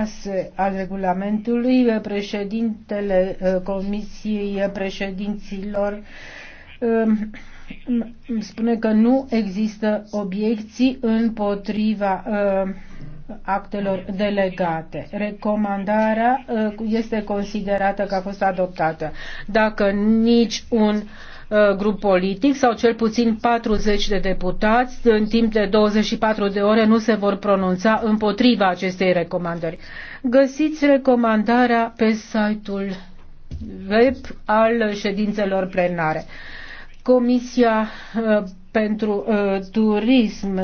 ase al regulamentului, președintele uh, Comisiei Președinților um, spune că nu există obiecții împotriva uh, actelor delegate. Recomandarea uh, este considerată că a fost adoptată. Dacă nici un uh, Uh, grup politic sau cel puțin 40 de deputați în timp de 24 de ore nu se vor pronunța împotriva acestei recomandări. Găsiți recomandarea pe site-ul web al ședințelor plenare. Comisia uh, pentru uh, Turism